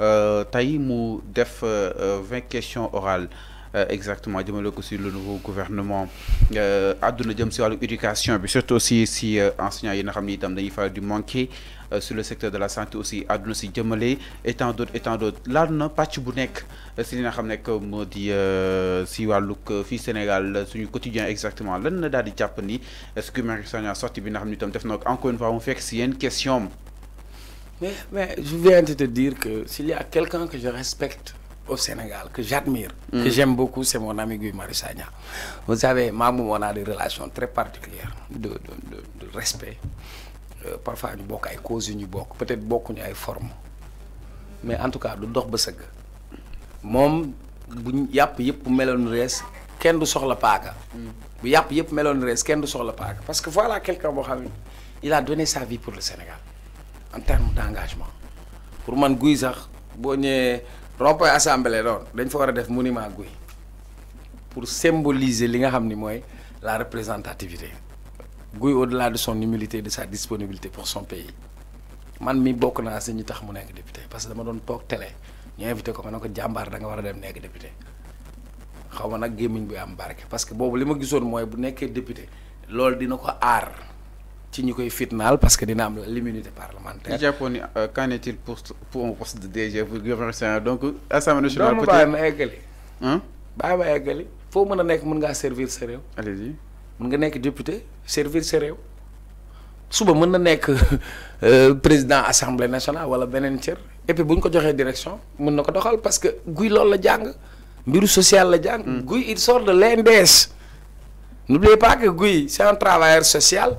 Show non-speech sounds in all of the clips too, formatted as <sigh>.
Euh, taïm mu def 20 euh, euh, questions orales exactement jëmale ko sur le nouveau gouvernement aduna jëm ci wàllu éducation bi surtout aussi si enseignants yi nga xam ni itam dañuy faral sur le secteur de la santé aussi aduna si jëmale et d'autres et d'autres là na pàcc bu nek si li nga que nekk moo di si walu fi Sénégal suñu quotidien exactement lan na di jàpp ni est-ce que Marie Sagna sorti bi nga xamni tam def encore une fois on fait si une question mais, je viens de te dire que s'il y a quelqu'un que je respecte au Sénégal, que j'admire, que mm. j'aime beaucoup, c'est mon ami Guy Marissagna. Vous savez, Mamou, on a des relations très particulières de, de, de, respect. Euh, parfois, nous avons des causes, nous peut-être beaucoup de formes. Mais en tout cas, nous avons des Mom, yap yep melon res ken du soxla paga mm. bu yap yep melon res nous du soxla paga parce que voilà quelqu'un bo il a donné sa vie pour le Sénégal en terme d' pour man guy sax boo ñëwee rond-point assemblée dañ fa war a def monument guy pour symboliser li nga xam ni mooy la représentativité guy au-delà de son humilité de sa disponibilité pour son pays man mi bokk naa si ñi tax mu nekk député parce que dama doon toog télé ñu invité ko ma ne ko jàmbaar danga war a dem nekk député xaw ma nag gémmiñ bu am barke parce que boobu li ma gisoon mooy bu nekkee député loolu dina ko aar ci koy parce que dina am l'immunité parlementaire. japonais euh, qu'en est-il pour pour un poste de DG pour gouvernement donc. assemblée nationale peut-être bàyyi ma eggali. Hein? bàyyi ma eggali foo mën a servir ce réew. allez-y mën nga député servir ce réew. suba mën na nekk euh, président assemblée nationale wala beneen cër et puis bu ñu ko joxee direction mën ko doxal parce que guy loolu la jàng. mbiru social la jang, hmm. guy il sort de l'NDS. n'oubliez pas que guy c'est un travailleur social.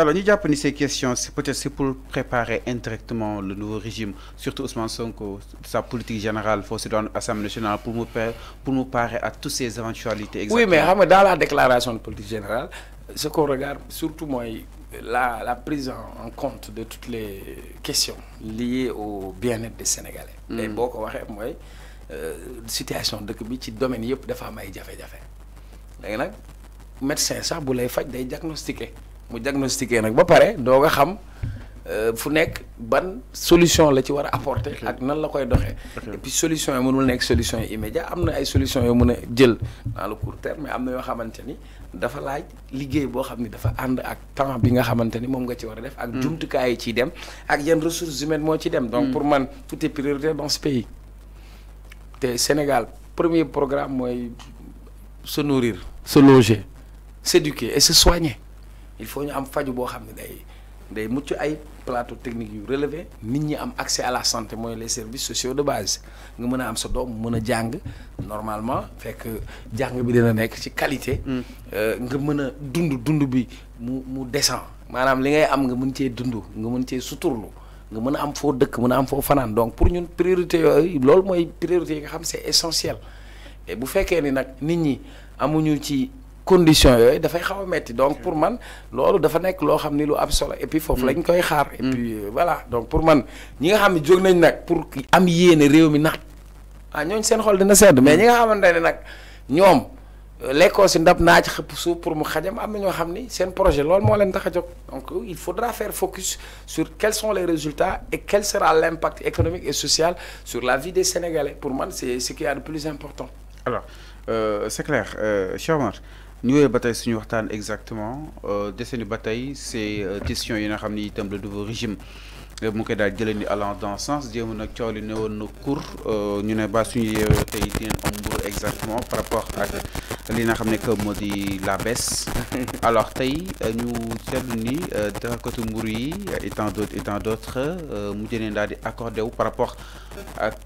alors nous avons ni ces questions c'est peut-être pour préparer indirectement le nouveau régime surtout Ousmane Sonko sa politique générale se si à nationale pour nous pour à toutes ces éventualités. oui mais dans la déclaration de politique générale ce qu'on regarde surtout moi, la prise en compte de toutes les questions liées au bien-être des Sénégalais. Mais mm. boo ko la euh, situation de bi ci domaine a dafa am ay ont fait des nag les sax bu lay diagnostiquer mu diagnostiqué nag ba pare doo nga xam euh, fu nekk ban solution la ci war a apporter ak nan la koy doxee et puis solution yi mënul nekk solution immédiat am na ay solution yoo mën a jël dans le court terme mais am na yoo xamante ni dafa laaj liggéey boo xam ni dafa ànd ak temps bi nga xamante ni moom nga ci war a def ak hmm. jumtukaay yi ciy dem ak yan ressources humaines moo ci dem donc hmm. pour man tout est prioritaire dans ce pays te Sénégal premier programme mooy se nourrir se loger s'éduquer et se soigner il faut ñu am faju bo xam day day muccu ay plateau technique yu relevé nit ñi am accès à la santé moy les services sociaux de base nga mëna am sa doom mëna jang normalement fekk jàng bi dina nekk ci qualité hmm. euh, nga mëna dund dund bi mu mu descend manam li ngay am nga mën cee dund nga mën cee suturlu nga mëna am fo dëkk mëna am fo fanan donc pour ñun priorité yoy lool moy priorité yi nga xam c'est essentiel et bu fekkee ni nag nit ñi amuñu ci condition yooyu dafay xaw metti donc pour man lolu dafa nekk loo xam ni lu et puis foofu lañ koy xaar et mm. puis euh, voilà donc pour man ñi nga xamni jog nañ nak pour am yene réew mi naat ah ñooñ seen xol dina sedd mais ñi nga xamante ne ñom ñoom euh, lekkoo si ndab ci xep sou pour mu xajam am na ñoo xam seen projet loolu mo leen tax donc il faudra faire focus sur quels sont les résultats et quel sera l'impact économique et social sur la vie des Sénégalais pour man c'est ce qui est a plus important alors euh, c'est clair euh, cher Omar ñu bataille ba tey suñu waxtaan exactement euh, deseni ba bataille, c'est euh, question yi nga xam itam le nouveau régime mu koy daal jëlee ni dans sens jéem nag coow li newoon na cour ñu ne ba suñu yeewee tey dinañ am exactement par rapport à li nga xam ne que moo la baisse <laughs> alors tey ñu euh, seetlu ni defarkatu mburu yi et tant d'autres et tant d'autres mu jëneen daal di accordé par rapport ak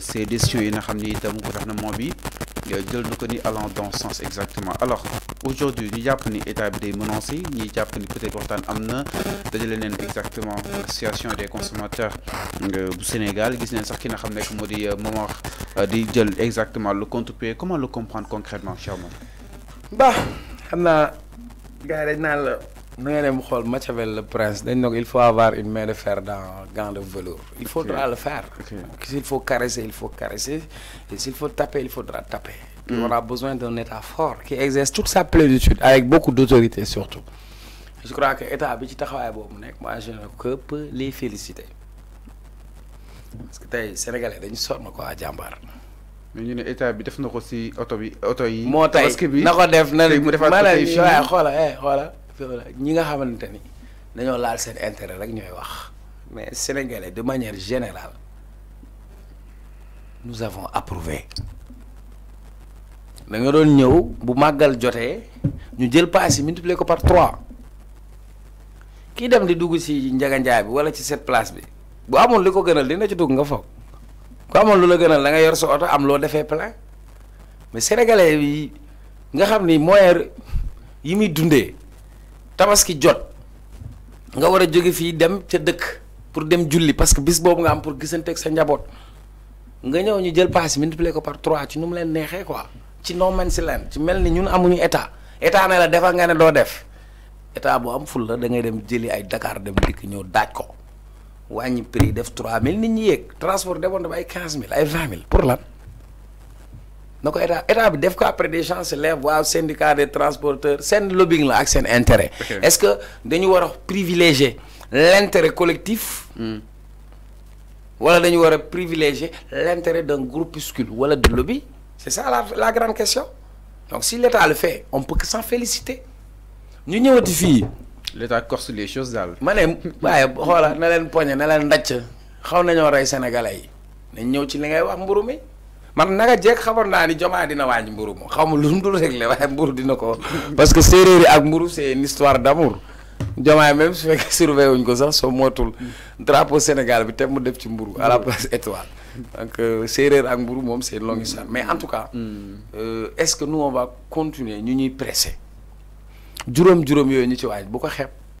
ces décisions yi nga xam ni itam gouvernement bi jël na ko allant dans ce sens exactement alors aujourd'hui nous avons établi état bi nous menacé ñuy peut-être nous avons na dajale exactement exactement situation des consommateurs du euh, Sénégal nous avons sax ki nga xam euh, euh, exactement le compte pied comment le comprendre concrètement cher bah xam gars Machiavel le prince il faut avoir une main de fer dans gant de velours il faudra le faire s'il faut caresser il faut caresser et s'il faut taper il faudra taper mm. on a besoin d'un état fort qui exerce toute sa plénitude avec beaucoup d'autorité surtout je crois que l'état bi ci taxawaay boobu moi je ne peux que les féliciter parce que les sénégalais dañu sonn quoi jàmbaar mais ñu ne état bi def na ko si oto bi oto yi ñi nga xamante ni dañoo laal seen intérêt rek ñooy wax mais sénégalais de manière générale nous avons approuvé da nga doon ñëw bu màggal jotee ñu jël paas yi multiplier ko par trois kii dem di dugg ci njaganjaay bi wala ci cette place bi bu amoon li ko gënal dina ci dugg nga foog ku amoon lu la gënal da nga yor sa oto am loo defee plein mais sénégalais yi nga xam ni moyen yi muy dundee. tabaski jot nga war a jóge fii dem ca dëkk pour dem julli parce que bis boobu nga am pour gisanteeg sa njaboot nga ñëw ñu jël paas multiplier ko par trois ci nu mu leen neexee ko ci no man's land ci mel ni ñun amuñu état état ne la defal nga ne doo def état bu am ful la da dem jëli ay Dakar dem dikk ñëw daaj ko wàññi prix def 3000 nit ñi yéeg transport demoon na ba ay 15000 ay 20000 pour lan. Donc état état def après des gens se lèvent waaw syndicat des transporteurs seen lobbying la ak seen intérêt est-ce que dañu war privilégier l'intérêt collectif hmm. wala dañu privilégier l'intérêt d'un groupuscule wala de lobby c'est ça la grande question donc si l'état le fait on peut que s'en féliciter ñu ñëwati fii l'état corse les choses daal ma ne waaye pas na leen poñe na leen ndacc xaw nañoo rey sénégalais yi nañ ñëw ci li ngay wax mburu man naka jeeg xamoon naa ni jomaa dina wàññi mburu mu xaw lu mu dul réglé waaye mburu dina ko <laughs> parce que séeréer yi ak mburu c'est une histoire d'amour jomaay même su fekkee <laughs> surveillé wuñ ko sax soo mootul drapeau Sénégal bi te mu def ci mburu à la place étoile donc euh, séeréer ak mburu moom seen une histoire mais en tout cas mm. euh, est-ce que nu on va continuer ñu ñuy pressé juróom-juróom yooyu ñu ci waaj bu ko xeeb